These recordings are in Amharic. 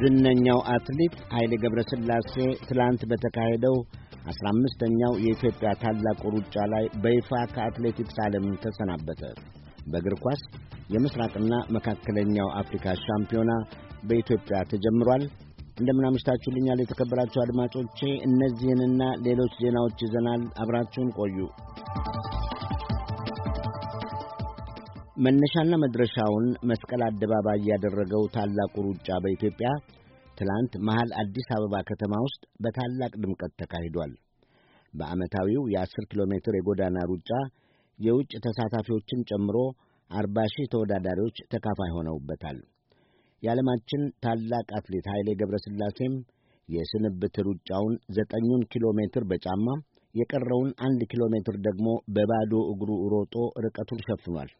ዝነኛው አትሌት ኃይሌ ገብረስላሴ ትላንት በተካሄደው አስራ አምስተኛው የኢትዮጵያ ታላቁ ሩጫ ላይ በይፋ ከአትሌቲክስ ዓለም ተሰናበተ። በእግር ኳስ የምስራቅና መካከለኛው አፍሪካ ሻምፒዮና በኢትዮጵያ ተጀምሯል። እንደምናምሽታችሁልኛል የተከበራችሁ አድማጮቼ፣ እነዚህንና ሌሎች ዜናዎች ይዘናል። አብራችሁን ቆዩ። መነሻና መድረሻውን መስቀል አደባባይ ያደረገው ታላቁ ሩጫ በኢትዮጵያ ትላንት መሃል አዲስ አበባ ከተማ ውስጥ በታላቅ ድምቀት ተካሂዷል። በዓመታዊው የ10 ኪሎ ሜትር የጎዳና ሩጫ የውጭ ተሳታፊዎችን ጨምሮ 40 ሺህ ተወዳዳሪዎች ተካፋይ ሆነውበታል። የዓለማችን ታላቅ አትሌት ኃይሌ ሥላሴም የስንብት ሩጫውን ዘጠኙን ኪሎ ሜትር በጫማ የቀረውን አንድ ኪሎ ሜትር ደግሞ በባዶ እግሩ ሮጦ ርቀቱን ሸፍኗል።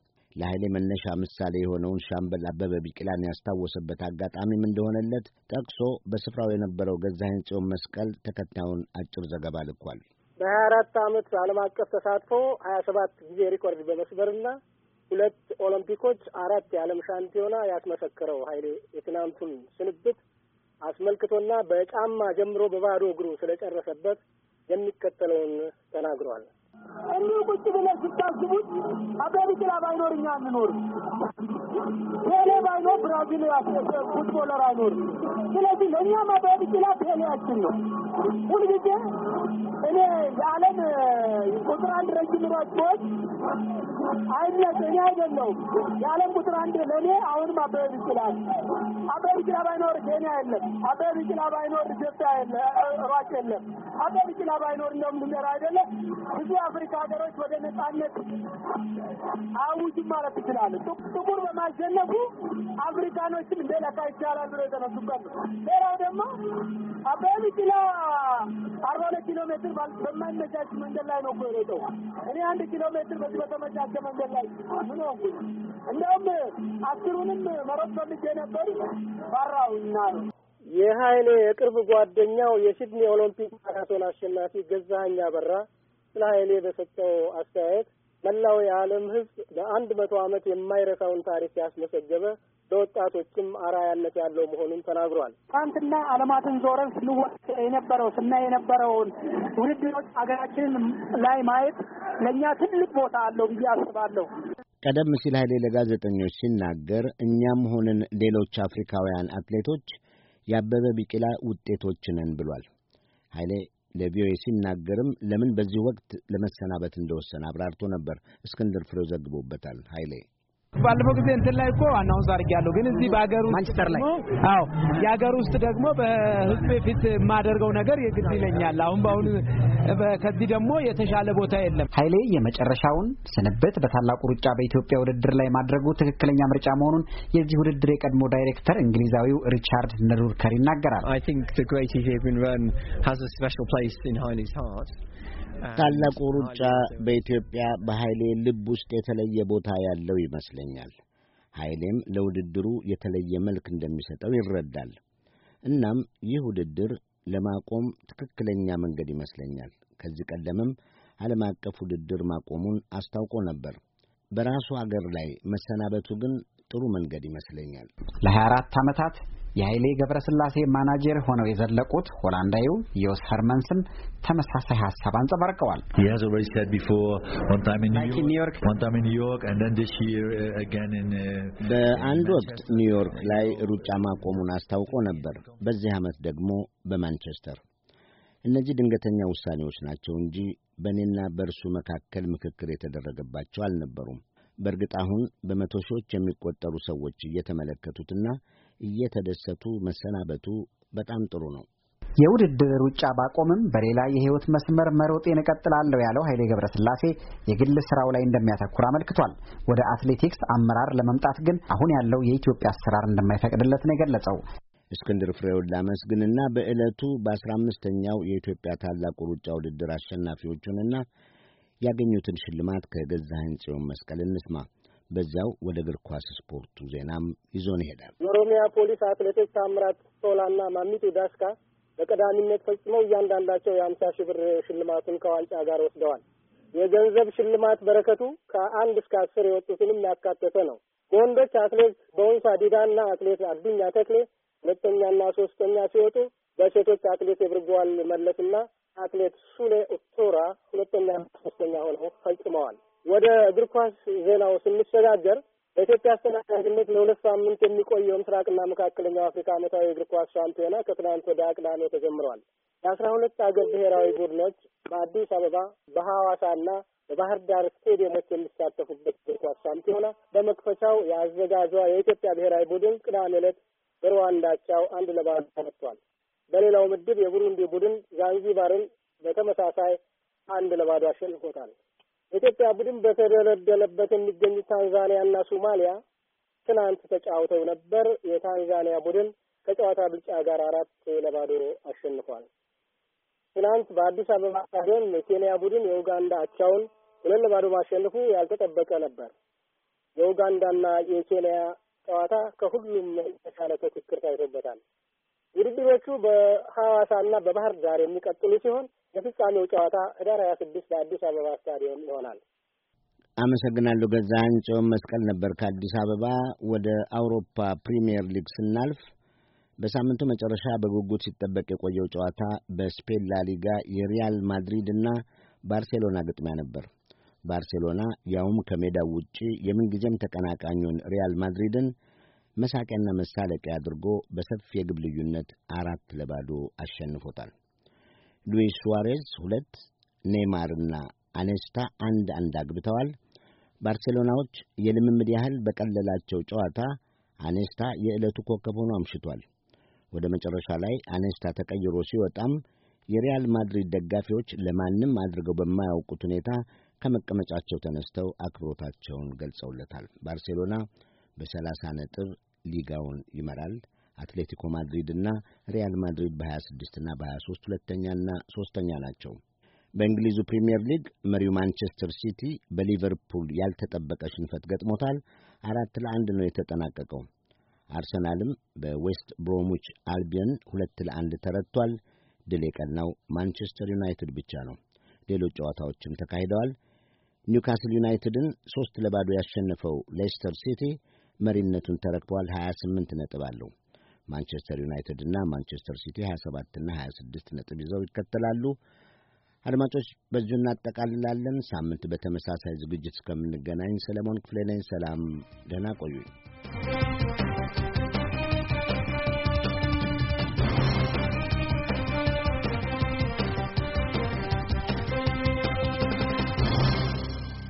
ለኃይሌ መነሻ ምሳሌ የሆነውን ሻምበል አበበ ቢቅላን ያስታወሰበት አጋጣሚም እንደሆነለት ጠቅሶ በስፍራው የነበረው ገዛኸኝ ጽዮን መስቀል ተከታዩን አጭር ዘገባ ልኳል። በሀያ አራት ዓመት ዓለም አቀፍ ተሳትፎ ሀያ ሰባት ጊዜ ሪኮርድ በመስበርና ሁለት ኦሎምፒኮች፣ አራት የዓለም ሻምፒዮና ያስመሰከረው ኃይሌ የትናንቱን ስንብት አስመልክቶና በጫማ ጀምሮ በባዶ እግሩ ስለጨረሰበት የሚከተለውን ተናግሯል። እንዲሁ ቁጭ ብለ ስታስቡት አባ ቢቂላ ባይኖር እኛ አንኖርም። ላይ ነው ብራዚል ፉትቦለር አይኖር። ስለዚህ ለእኛ ማባየት ይችላል ፔሌያችን ነው። ሁልጊዜ እኔ የዓለም ቁጥር አንድ ረጅም ሯጮች አይነት እኔ አይደለሁም። የዓለም ቁጥር አንድ ለእኔ አሁንም አበበ ቢቂላ አበበ ቢቂላ ባይኖር ኬንያ የለም። አበበ ቢቂላ ባይኖር ኢትዮጵያ ሯጭ የለም። አበበ ቢቂላ ባይኖር እንደምንገራ አይደለ ብዙ አፍሪካ ሀገሮች ወደ ነጻነት አውጅ ማለት ይችላል ጥቁር በማሸነፉ አፍሪካኖችም እንደለካ ይቻላል ብሎ የተነሱበት ሌላው ደግሞ አበበ ቢቂላ አርባ ሁለት ኪሎ ሜትር በማይመቻች መንገድ ላይ ነው እኮ የሮጠው። እኔ አንድ ኪሎ ሜትር በዚህ በተመቻቸ መንገድ ላይ ምን ሆንኩኝ? እንደውም አስሩንም መሮጥ ፈልጌ ነበር ፈራሁና ነው። የሀይሌ የቅርብ ጓደኛው የሲድኒ ኦሎምፒክ ማራቶን አሸናፊ ገዛኸኝ አበራ ስለ ሀይሌ በሰጠው አስተያየት መላው የዓለም ሕዝብ ለአንድ መቶ ዓመት የማይረሳውን ታሪክ ያስመሰገበ ለወጣቶችም አራያነት ያለው መሆኑን ተናግሯል። ትናንትና አለማትን ዞረን ስንወቅ የነበረው ስናይ የነበረውን ውድድሮች ሀገራችንን ላይ ማየት ለእኛ ትልቅ ቦታ አለው ብዬ አስባለሁ። ቀደም ሲል ኃይሌ ለጋዜጠኞች ሲናገር እኛም ሆንን ሌሎች አፍሪካውያን አትሌቶች የአበበ ቢቂላ ውጤቶች ነን ብሏል። ኃይሌ ለቪኦኤ ሲናገርም ለምን በዚህ ወቅት ለመሰናበት እንደወሰነ አብራርቶ ነበር። እስክንድር ፍሬው ዘግቦበታል። ኃይሌ ባለፈው ጊዜ እንትን ላይ እኮ አናውንስ አድርጌያለሁ፣ ግን እዚህ በሀገር ውስጥ ማንቸስተር ላይ አዎ፣ የሀገር ውስጥ ደግሞ በህዝብ ፊት የማደርገው ነገር የግድ ይለኛል። አሁን በአሁኑ ከዚህ ደግሞ የተሻለ ቦታ የለም። ኃይሌ የመጨረሻውን ስንብት በታላቁ ሩጫ በኢትዮጵያ ውድድር ላይ ማድረጉ ትክክለኛ ምርጫ መሆኑን የዚህ ውድድር የቀድሞ ዳይሬክተር እንግሊዛዊው ሪቻርድ ነሩርከር ይናገራል። ታላቁ ሩጫ በኢትዮጵያ በኃይሌ ልብ ውስጥ የተለየ ቦታ ያለው ይመስለኛል። ኃይሌም ለውድድሩ የተለየ መልክ እንደሚሰጠው ይረዳል። እናም ይህ ውድድር ለማቆም ትክክለኛ መንገድ ይመስለኛል። ከዚህ ቀደምም ዓለም አቀፍ ውድድር ማቆሙን አስታውቆ ነበር። በራሱ አገር ላይ መሰናበቱ ግን ጥሩ መንገድ ይመስለኛል። ለ24 ዓመታት የኃይሌ ገብረስላሴ ማናጀር ሆነው የዘለቁት ሆላንዳዊው ዮስ ሀርመንስም ተመሳሳይ ሀሳብ አንጸባርቀዋል። uh, uh, በአንድ ወቅት ኒውዮርክ ላይ ሩጫ ማቆሙን አስታውቆ ነበር። በዚህ ዓመት ደግሞ በማንቸስተር። እነዚህ ድንገተኛ ውሳኔዎች ናቸው እንጂ በእኔና በእርሱ መካከል ምክክር የተደረገባቸው አልነበሩም። በእርግጥ አሁን በመቶ ሺዎች የሚቆጠሩ ሰዎች እየተመለከቱትና እየተደሰቱ መሰናበቱ በጣም ጥሩ ነው። የውድድር ሩጫ ባቆምም በሌላ የህይወት መስመር መሮጤን እቀጥላለሁ ያለው ኃይሌ ገብረስላሴ የግል ስራው ላይ እንደሚያተኩር አመልክቷል። ወደ አትሌቲክስ አመራር ለመምጣት ግን አሁን ያለው የኢትዮጵያ አሰራር እንደማይፈቅድለት ነው የገለጸው። እስክንድር ፍሬውን ላመስግንና በዕለቱ በአስራ አምስተኛው የኢትዮጵያ ታላቁ ሩጫ ውድድር አሸናፊዎቹንና ያገኙትን ሽልማት ከገዛኸኝ ጽዮን መስቀል እንስማ። በዚያው ወደ እግር ኳስ ስፖርቱ ዜናም ይዞን ይሄዳል። የኦሮሚያ ፖሊስ አትሌቶች ታምራት ቶላና ማሚቱ ዳስካ በቀዳሚነት ፈጽመው እያንዳንዳቸው የአምሳ ሺህ ብር ሽልማቱን ከዋንጫ ጋር ወስደዋል። የገንዘብ ሽልማት በረከቱ ከአንድ እስከ አስር የወጡትንም ያካተተ ነው። በወንዶች አትሌት በወንሳ ዲዳና አትሌት አዱኛ ተክሌ ሁለተኛና ሶስተኛ ሲወጡ በሴቶች አትሌት የብርጓዋል መለስና አትሌት ሱሌ ኡቶራ ሁለተኛ ሶስተኛ ሆነው ፈጽመዋል። ወደ እግር ኳስ ዜናው ስንሸጋገር በኢትዮጵያ አስተናጋጅነት ለሁለት ሳምንት የሚቆየው ምስራቅና መካከለኛው አፍሪካ ዓመታዊ የእግር ኳስ ሻምፒዮና ከትናንት ወደ ቅዳሜ ተጀምሯል። የአስራ ሁለት አገር ብሔራዊ ቡድኖች በአዲስ አበባ በሐዋሳና በባህር ዳር ስቴዲየሞች የሚሳተፉበት እግር ኳስ ሻምፒዮና በመክፈቻው የአዘጋጇ የኢትዮጵያ ብሔራዊ ቡድን ቅዳሜ ዕለት በሩዋንዳቻው አንድ ለባዶ ተመቷል። በሌላው ምድብ የቡሩንዲ ቡድን ዛንዚባርን በተመሳሳይ አንድ ለባዶ አሸንፎታል። የኢትዮጵያ ቡድን በተደለደለበት የሚገኙ ታንዛኒያ እና ሶማሊያ ትናንት ተጫውተው ነበር። የታንዛኒያ ቡድን ከጨዋታ ብልጫ ጋር አራት ለባዶ አሸንፏል። ትናንት በአዲስ አበባ ስታዲየም የኬንያ ቡድን የኡጋንዳ አቻውን ሁለት ለባዶ ማሸንፉ ያልተጠበቀ ነበር። የኡጋንዳና የኬንያ ጨዋታ ከሁሉም የተሻለ ትክክር ታይቶበታል። ውድድሮቹ በሐዋሳና በባህር ዳር የሚቀጥሉ ሲሆን የፍጻሜው ጨዋታ ህዳር ሀያ ስድስት በአዲስ አበባ ስታዲየም ይሆናል። አመሰግናለሁ። ገዛኸኝ ጽዮን መስቀል ነበር ከአዲስ አበባ። ወደ አውሮፓ ፕሪምየር ሊግ ስናልፍ በሳምንቱ መጨረሻ በጉጉት ሲጠበቅ የቆየው ጨዋታ በስፔን ላሊጋ የሪያል ማድሪድ እና ባርሴሎና ግጥሚያ ነበር። ባርሴሎና ያውም ከሜዳው ውጪ የምንጊዜም ተቀናቃኙን ሪያል ማድሪድን መሳቂያና መሳለቂያ አድርጎ በሰፊ የግብ ልዩነት አራት ለባዶ አሸንፎታል። ሉዊስ ሱዋሬዝ ሁለት፣ ኔይማርና አኔስታ አንድ አንድ አግብተዋል። ባርሴሎናዎች የልምምድ ያህል በቀለላቸው ጨዋታ አኔስታ የዕለቱ ኮከብ ሆኖ አምሽቷል። ወደ መጨረሻ ላይ አኔስታ ተቀይሮ ሲወጣም የሪያል ማድሪድ ደጋፊዎች ለማንም አድርገው በማያውቁት ሁኔታ ከመቀመጫቸው ተነስተው አክብሮታቸውን ገልጸውለታል። ባርሴሎና በሰላሳ ነጥብ ሊጋውን ይመራል። አትሌቲኮ ማድሪድ እና ሪያል ማድሪድ በ26 እና በ23 ሁለተኛና ሦስተኛ ናቸው። በእንግሊዙ ፕሪምየር ሊግ መሪው ማንቸስተር ሲቲ በሊቨርፑል ያልተጠበቀ ሽንፈት ገጥሞታል። አራት ለአንድ ነው የተጠናቀቀው። አርሰናልም በዌስት ብሮሙች አልቢየን ሁለት ለአንድ ተረቷል። ድል የቀናው ማንቸስተር ዩናይትድ ብቻ ነው። ሌሎች ጨዋታዎችም ተካሂደዋል። ኒውካስል ዩናይትድን ሦስት ለባዶ ያሸነፈው ሌስተር ሲቲ መሪነቱን ተረክቧል። 28 ነጥብ አለው። ማንቸስተር ዩናይትድ እና ማንቸስተር ሲቲ 27ና 26 ነጥብ ይዘው ይከተላሉ። አድማጮች በዚሁ እናጠቃልላለን። ሳምንት በተመሳሳይ ዝግጅት እስከምንገናኝ ሰለሞን ክፍሌ ነኝ። ሰላም፣ ደህና ቆዩኝ።